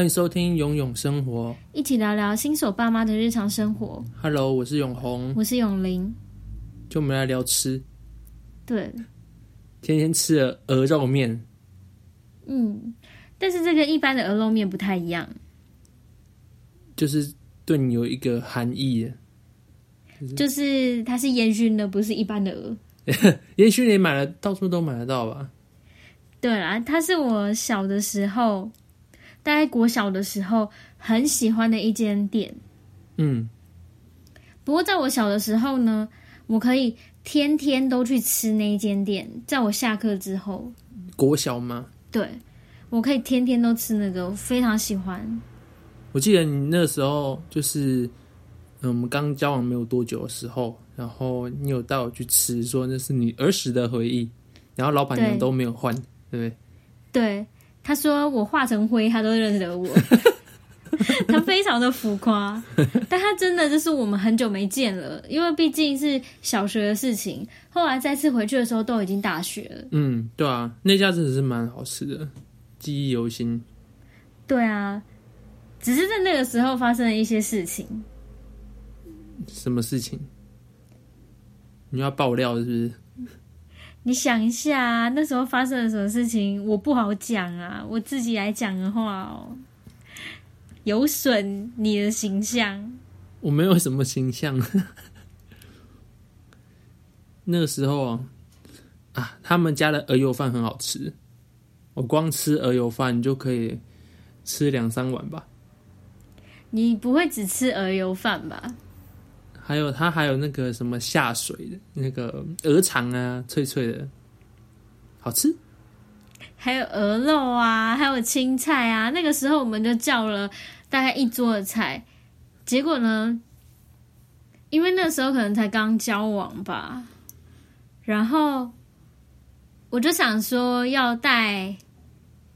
歡迎收聽《永詠生活》，一起聊聊新手爸媽的日常生活。Hello，我是永紅，我是永玲，就我們來聊吃。對，天天吃了鵝肉麵。嗯，但是這跟一般的鵝肉麵不太一樣，就是對你有一個含義。就是它是煙熏的，不是一般的鵝。 煙熏你買得到處都買得到吧？對啊，它是我小的時候。大概國小的時候，很喜歡的一間店。嗯，不過在我小的時候呢，我可以天天都去吃那一間店。在我下課之後，國小嗎？對，我可以天天都吃那個，我非常喜歡。我記得你那時候就是，嗯，我們剛交往沒有多久的時候，然後你有帶我去吃，說那是你兒時的回憶，然後老板娘都沒有換，對不對？對。對他說：“我化成灰，他都認得我。 ”他非常的浮誇， 但他真的就是我們很久沒見了，因為畢竟是小學的事情。後來再次回去的時候，都已經大學了。嗯，對啊，那家真的是蠻好吃的，記憶猶新。對啊，只是在那個時候發生了一些事情。什麼事情？你要爆料是不是？你想一下啊，那時候發生了什麼事情？我不好講啊，我自己來講的話哦、喔，有損你的形象。我沒有什麼形象， 那個時候啊，啊，他們家的鵝油飯很好吃，我光吃鵝油飯就可以吃兩三碗吧。你不會只吃鵝油飯吧？還有他，還有那個什麼下水的那個鵝腸啊，脆脆的，好吃。還有鵝肉啊，還有青菜啊。那個時候我們就叫了大概一桌的菜，結果呢，因為那時候可能才剛交往吧，然後我就想說要帶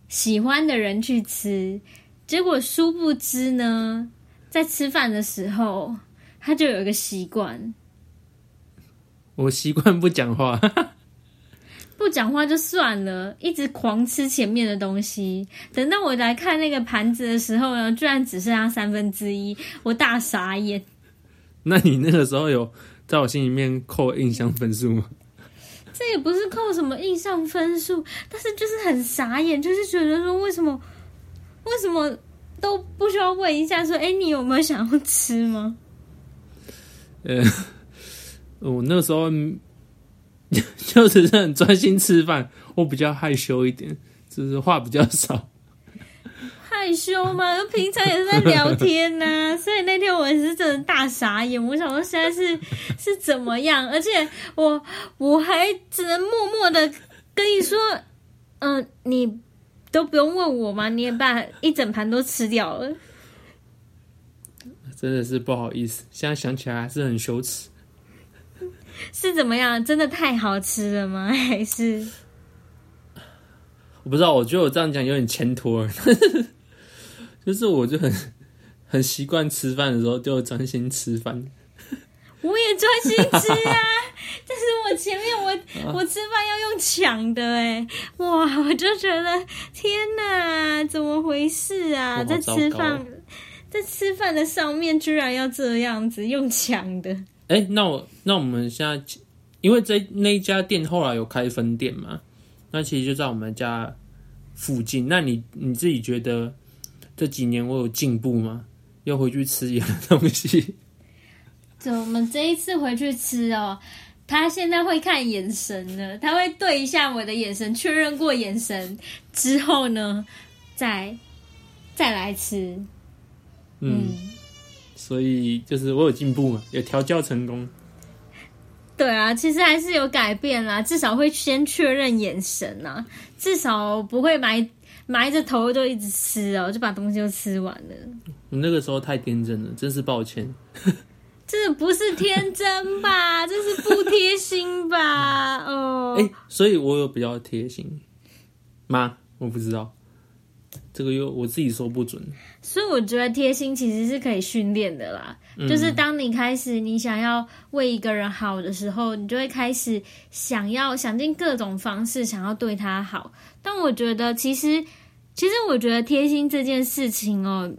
喜歡的人去吃，結果殊不知呢，在吃飯的時候。他就有一個習慣，我習慣不講話， 不講話就算了，一直狂吃前面的東西。等到我來看那個盤子的時候呢，居然只剩下三分之一，我大傻眼。那你那個時候有在我心裡面扣印象分數嗎？ 這也不是扣什麼印象分數，但是就是很傻眼，就是覺得說為什麼，為什麼都不需要問一下說，欸，你有沒有想要吃嗎？呃、欸，我那時候就是很專心吃飯。我比較害羞一點，就是話比較少。害羞嗎？平常也是在聊天吶、啊。 所以那天我也是真的大傻眼，我想說現在是是怎麼樣？而且我我還只能默默的跟你說，嗯、呃，你都不用問我嘛，你也把一整盤都吃掉了。真的是不好意思，現在想起來還是很羞恥。是怎麼樣？真的太好吃了嗎？還是我不知道。我覺得我這樣講有點牽拖， 就是我就很很習慣吃飯的時候就專心吃飯。我也專心吃啊， 但是我前面我、啊、我吃飯要用搶的哎，哇！我就覺得天哪，怎麼回事啊？在吃飯。在吃飯的上面，居然要這樣子用搶的！哎，那我那我們現在，因為這那一家店後來有開分店嘛，那其實就在我們家附近。那你你自己覺得這幾年我有進步嗎？要回去吃一樣東西？我們這一次回去吃哦，他現在會看眼神了，他會對一下我的眼神，確認過眼神之後呢，再再來吃。嗯，所以就是我有進步嘛，有調教成功。對啊，其實還是有改變啦，至少會先確認眼神吶，至少不會埋埋着頭就一直吃哦、喔，就把東西都吃完了。你那個時候太天真了，真是抱歉。 這不是天真吧？這是不貼心吧？ 哦、哎、欸，所以我有比較貼心嗎？我不知道。這個又我自己說不準，所以我覺得貼心其實是可以訓練的啦。就是當你開始你想要為一個人好的時候，你就會開始想要想盡各種方式想要對他好。但我覺得其實，其實我覺得貼心這件事情哦，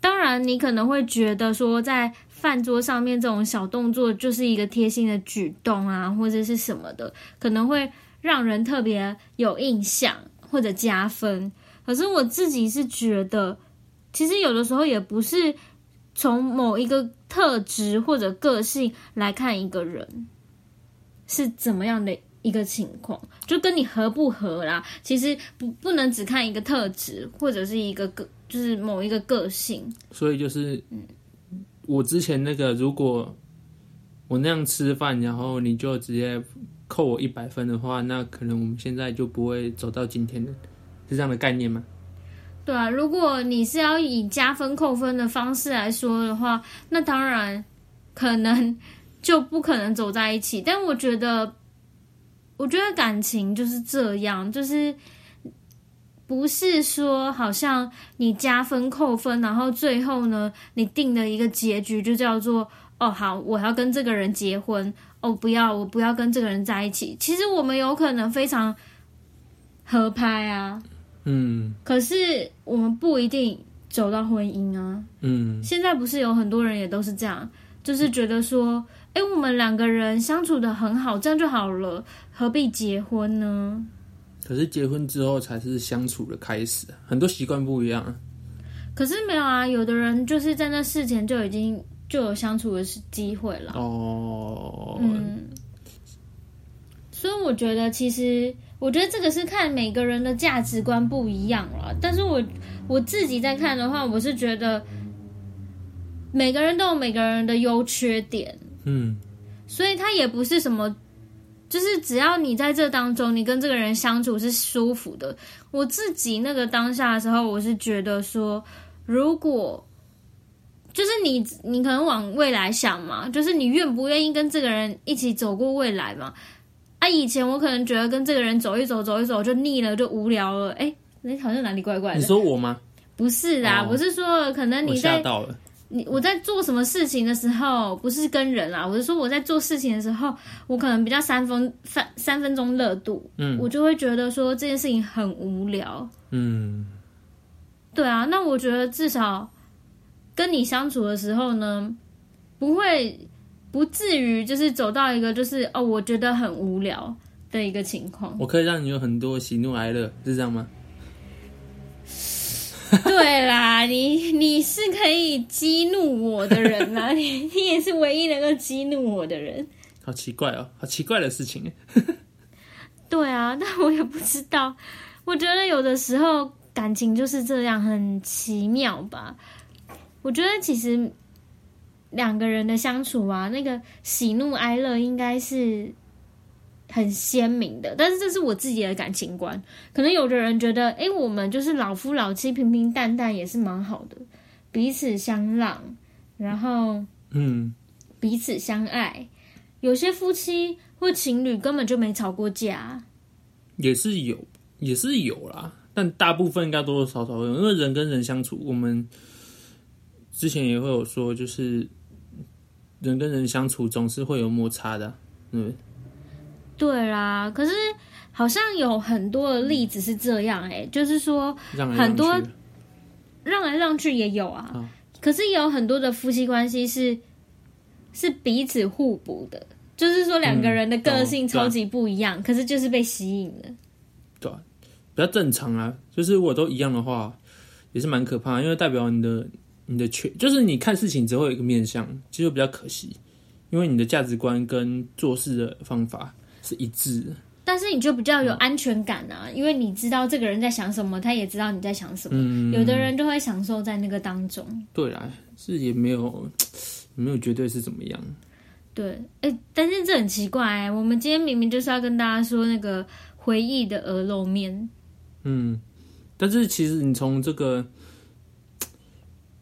當然你可能會覺得說，在飯桌上面這種小動作就是一個貼心的舉動啊，或者是什麼的，可能會讓人特別有印象或者加分。可是我自己是覺得，其實有的時候也不是從某一個特質或者個性來看一個人是怎麼樣的一個情況，就跟你合不合啦。其實不不能只看一個特質，或者是一個個就是某一個個性。所以就是，嗯，我之前那個，如果我那樣吃飯，然後你就直接扣我一百分的話，那可能我們現在就不會走到今天的。是這樣的概念嗎？對啊，如果你是要以加分扣分的方式來說的話，那當然可能就不可能走在一起。但我覺得，我覺得感情就是這樣，就是不是說好像你加分扣分，然後最後呢，你定的一個結局就叫做哦，好，我要跟這個人結婚；哦，不要，我不要跟這個人在一起。其實我們有可能非常合拍啊。嗯，可是我們不一定走到婚姻啊。嗯，現在不是有很多人也都是這樣，就是覺得說，哎、嗯欸，我們兩個人相處的很好，這樣就好了，何必結婚呢？可是結婚之後才是相處的開始，很多習慣不一樣。啊。可是沒有啊，有的人就是在那事前就已經就有相處的機會了。哦，嗯。所以我覺得其實。我覺得這個是看每個人的價值觀不一樣了，但是我我自己在看的話，我是覺得，每個人都有每個人的優缺點，嗯，所以他也不是什麼，就是只要你在這當中，你跟這個人相處是舒服的。我自己那個當下的時候，我是覺得說，如果就是你，你可能往未來想嘛，就是你願不願意跟這個人一起走過未來嘛。啊，以前我可能覺得跟這個人走一走、走一走就膩了，就無聊了。哎、欸，你好像哪裡怪怪的？你說我嗎？不是啊，oh, 我是說，可能你在我嚇到了你我在做什麼事情的時候，不是跟人啊，我是說我在做事情的時候，我可能比較三分三三分鐘熱度，嗯，我就會覺得說這件事情很無聊，嗯，對啊。那我覺得至少跟你相處的時候呢，不會。不至於，就是走到一個就是哦，我覺得很無聊的一個情況。我可以讓你有很多喜怒哀樂，是這樣嗎？ 對啦，你你是可以激怒我的人吶， 你你也是唯一能夠激怒我的人。好奇怪哦，好奇怪的事情耶。 對啊，但我也不知道。我覺得有的時候感情就是這樣，很奇妙吧？我覺得其實。兩個人的相處啊，那個喜怒哀樂應該是很鮮明的。但是這是我自己的感情觀，可能有的人覺得，哎、欸，我們就是老夫老妻，平平淡淡也是蠻好的，彼此相讓，然後嗯，彼此相愛。嗯、有些夫妻或情侶根本就沒吵過架，也是有，也是有啦。但大部分應該多多少少有，因為人跟人相處，我們之前也會有說，就是。人跟人相處總是會有摩擦的，嗯，對啦。可是好像有很多的例子是這樣哎、欸，嗯、就是說很多讓來讓，讓來讓去也有啊。哦、可是有很多的夫妻關係是是彼此互補的，就是說兩個人的個性、嗯、超級不一樣，嗯、可是就是被吸引了，對、啊，比較正常啊。就是如果都一樣的話，也是蠻可怕、啊，因為代表你的。你的缺就是你看事情只會有一個面向，其實比較可惜，因為你的價值觀跟做事的方法是一致的，但是你就比較有安全感啊，嗯、因為你知道這個人在想什麼，他也知道你在想什麼。嗯、有的人就會享受在那個當中。對啊，是也沒有也沒有絕對是怎麼樣。對，哎、欸，但是這很奇怪、欸、我們今天明明就是要跟大家說那個回憶的鵝肉麵。嗯，但是其實你從這個。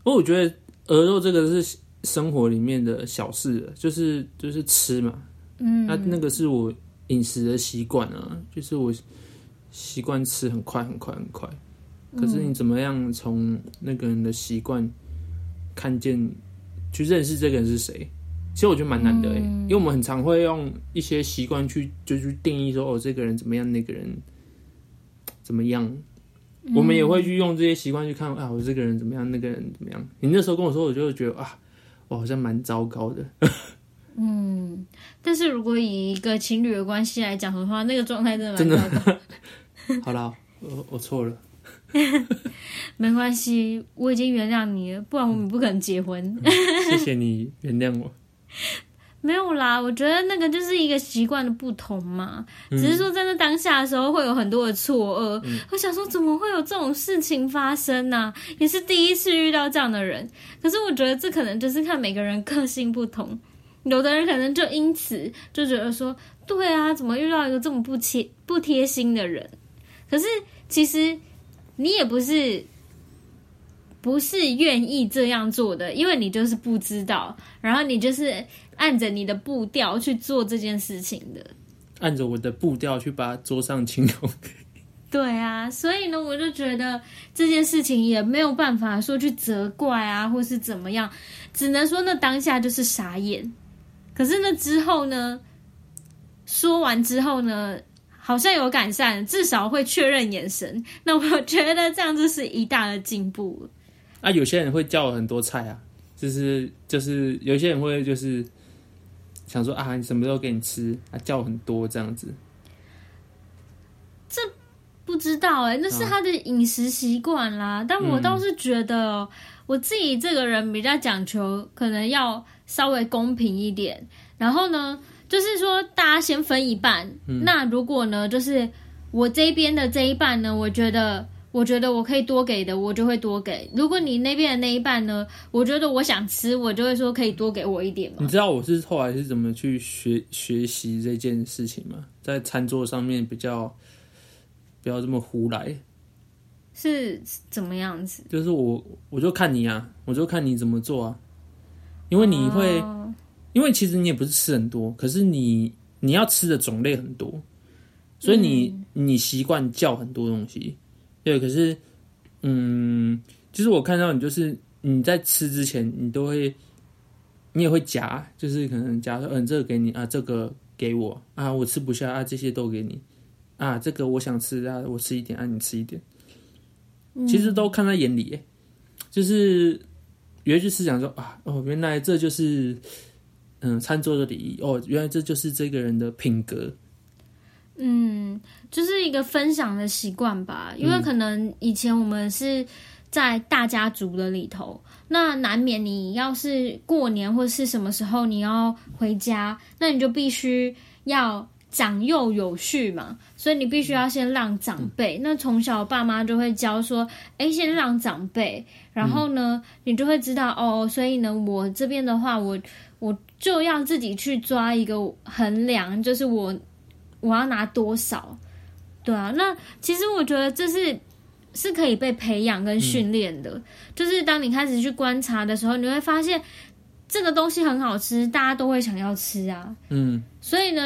我我覺得鵝肉這個是生活裡面的小事，就是就是吃嘛，嗯，那、啊、那個是我飲食的習慣啊，就是我習慣吃很快很快很快，可是你怎麼樣從那個人的習慣看見、嗯、去認識這個人是誰？其實我覺得蠻難的、欸，嗯、因為我們很常會用一些習慣去就是、去定義說哦，這個人怎麼樣，那個人怎麼樣。我們也會去用這些習慣去看啊，我這個人怎麼樣，那個人怎麼樣。你那時候跟我說，我就覺得啊，我好像蠻糟糕的。嗯，但是如果以一個情侶的關係來講的話，那個狀態真的蠻糟糕。好啦錯，了，我我錯了，沒關係，我已經原諒你了，不然我們不可能結婚，嗯嗯。謝謝你原諒我。沒有啦，我覺得那個就是一個習慣的不同嘛，只是說在那當下的時候會有很多的錯愕。嗯、我想說，怎麼會有這種事情發生呢？啊？也是第一次遇到這樣的人。可是我覺得這可能就是看每個人個性不同，有的人可能就因此就覺得說，對啊，怎麼遇到一個這麼不貼不貼心的人？可是其實你也不是不是願意這樣做的，因為你就是不知道，然後你就是。按着你的步調去做這件事情的，按着我的步調去把桌上清空。對啊，所以呢，我就覺得這件事情也沒有辦法說去責怪啊，或是怎麼樣，只能說那當下就是傻眼。可是那之後呢，說完之後呢，好像有改善，至少會確認眼神。那我覺得這樣子是一大的進步了。啊，有些人會叫我很多菜啊，就是就是，有些人會就是。想說啊，你什麼時候給你吃？啊，叫我很多這樣子，這不知道哎、欸，那是他的飲食習慣啦。啊嗯、但我倒是覺得，我自己這個人比較講求，可能要稍微公平一點。然後呢，就是說大家先分一半。嗯、那如果呢，就是我這邊的這一半呢，我覺得。我覺得我可以多給的，我就會多給。如果你那邊的那一半呢？我覺得我想吃，我就會說可以多給我一點嘛。你知道我是後來是怎麼去學學習這件事情嗎？在餐桌上面比較不要這麼胡來，是怎麼樣子？就是我我就看你啊，我就看你怎麼做啊。因為你會，uh、因為其實你也不是吃很多，可是你你要吃的種類很多，所以你、嗯、你習慣叫很多東西。對，可是，嗯，其實我看到你，就是你在吃之前，你都會，你也會夾，就是可能夾說，嗯、呃，你這個給你啊，這個給我啊，我吃不下啊，這些都給你，啊，這個我想吃啊，我吃一點啊，你吃一點，其實都看在眼裡耶，就是原來就是想說啊，哦，原來這就是，嗯、呃，餐桌的禮儀哦，原來這就是這個人的品格。嗯，就是一個分享的習慣吧，因為可能以前我們是在大家族的裡頭，嗯、那難免你要是過年或者是什麼時候你要回家，那你就必須要長幼有序嘛，所以你必須要先讓長輩。嗯、那從小爸媽就會教說，哎，先讓長輩，然後呢，你就會知道哦，所以呢，我這邊的話，我我就要自己去抓一個衡量，就是我。我要拿多少？對啊，那其實我覺得這是是可以被培養跟訓練的。嗯，就是當你開始去觀察的時候，你會發現這個東西很好吃，大家都會想要吃啊。嗯，所以呢，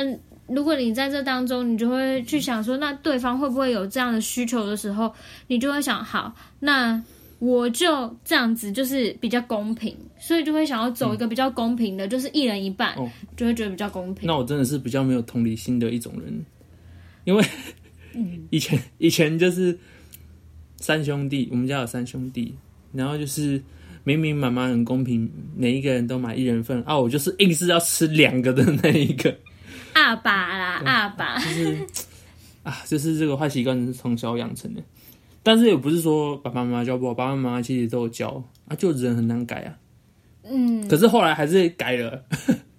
如果你在這當中，你就會去想說，那對方會不會有這樣的需求的時候，你就會想，好那。我就這樣子，就是比較公平，所以就會想要走一個比較公平的，嗯、就是一人一半，哦、就會覺得比較公平。那我真的是比較沒有同理心的一種人，因為、嗯、以前以前就是三兄弟，我們家有三兄弟，然後就是明明媽媽很公平，每一個人都買一人份啊，我就是硬是要吃兩個的那一個。阿爸啦，對阿爸，就是 啊，就是這個壞習慣是從小養成的。但是也不是說爸爸媽媽教不好，爸爸媽媽其實都有教啊，就人很難改啊。嗯。可是後來還是改了。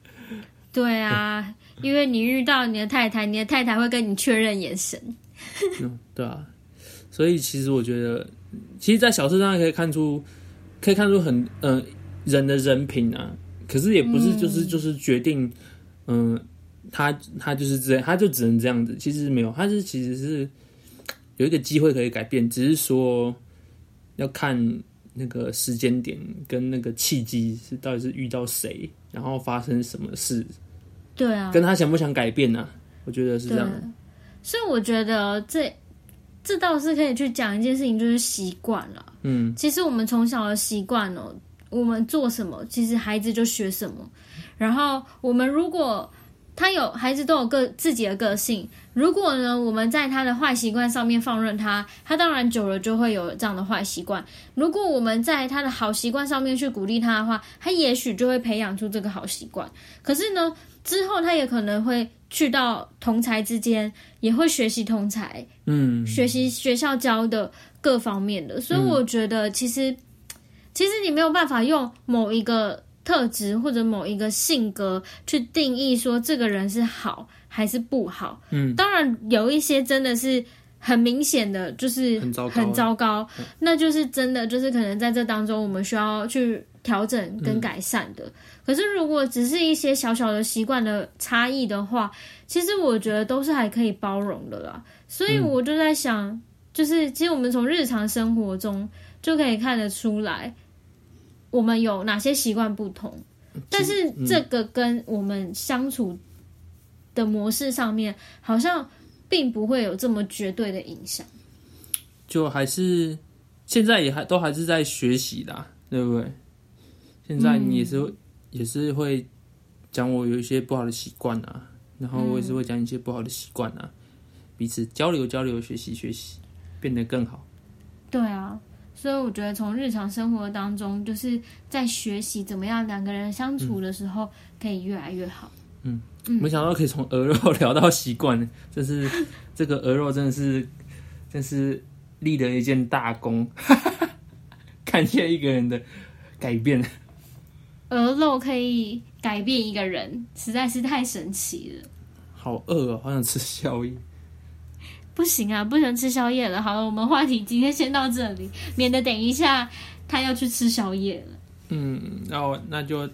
對啊，因為你遇到你的太太，你的太太會跟你確認眼神。 嗯，對啊。所以其實我覺得，其實，在小事上可以看出，可以看出很嗯、呃、人的人品啊。可是也不是就是、嗯、就是決定，嗯、呃，他他就是這樣，他就只能這樣子。其實沒有，他、就是其實是。有一個機會可以改變，只是說要看那個時間點跟那個契機是到底是遇到誰，然後發生什麼事。對啊，跟他想不想改變呢、啊？我覺得是這樣的。所以我覺得這這倒是可以去講一件事情，就是習慣了。嗯，其實我們從小的習慣哦，我們做什麼，其實孩子就學什麼。然後我們如果。他有孩子都有個自己的個性。如果呢，我們在他的壞習慣上面放任他，他當然久了就會有這樣的壞習慣。如果我們在他的好習慣上面去鼓勵他的話，他也許就會培養出這個好習慣。可是呢，之後他也可能會去到同儕之間，也會學習同儕，嗯，學習學校教的各方面的。所以我覺得，其實、嗯、其實你沒有辦法用某一個。特質或者某一個性格去定義說，這個人是好還是不好，嗯，當然有一些真的是很明顯的，就是很糟糕，很糟糕，那就是真的就是可能在這當中我們需要去調整跟改善的。嗯、可是如果只是一些小小的習慣的差異的話，其實我覺得都是還可以包容的啦。所以我就在想，嗯、就是其實我們從日常生活中就可以看得出來。我們有哪些習慣不同？但是這個跟我們相處的模式上面，好像並不會有這麼絕對的影響。就還是現在也還都還是在學習啦，對不對？現在你也是也是會講、嗯、我有一些不好的習慣啊，然後我也是會講一些不好的習慣啊，嗯、彼此交流交流，學習學習，變得更好。對啊。所以我覺得，從日常生活當中，就是在學習怎麼樣兩個人相處的時候，嗯、可以越來越好。嗯，沒想到可以從鵝肉聊到習慣，就是 這個鵝肉真的是，真是立了一件大功， 感謝一個人的改變。鵝肉可以改變一個人，實在是太神奇了。好餓啊、哦，好想吃宵夜。不行啊，不能吃宵夜了。好了，我們話題今天先到這裡，免得等一下他要去吃宵夜了。嗯，那、哦、我那就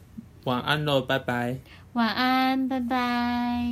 晚安嘍，拜拜。晚安，拜拜。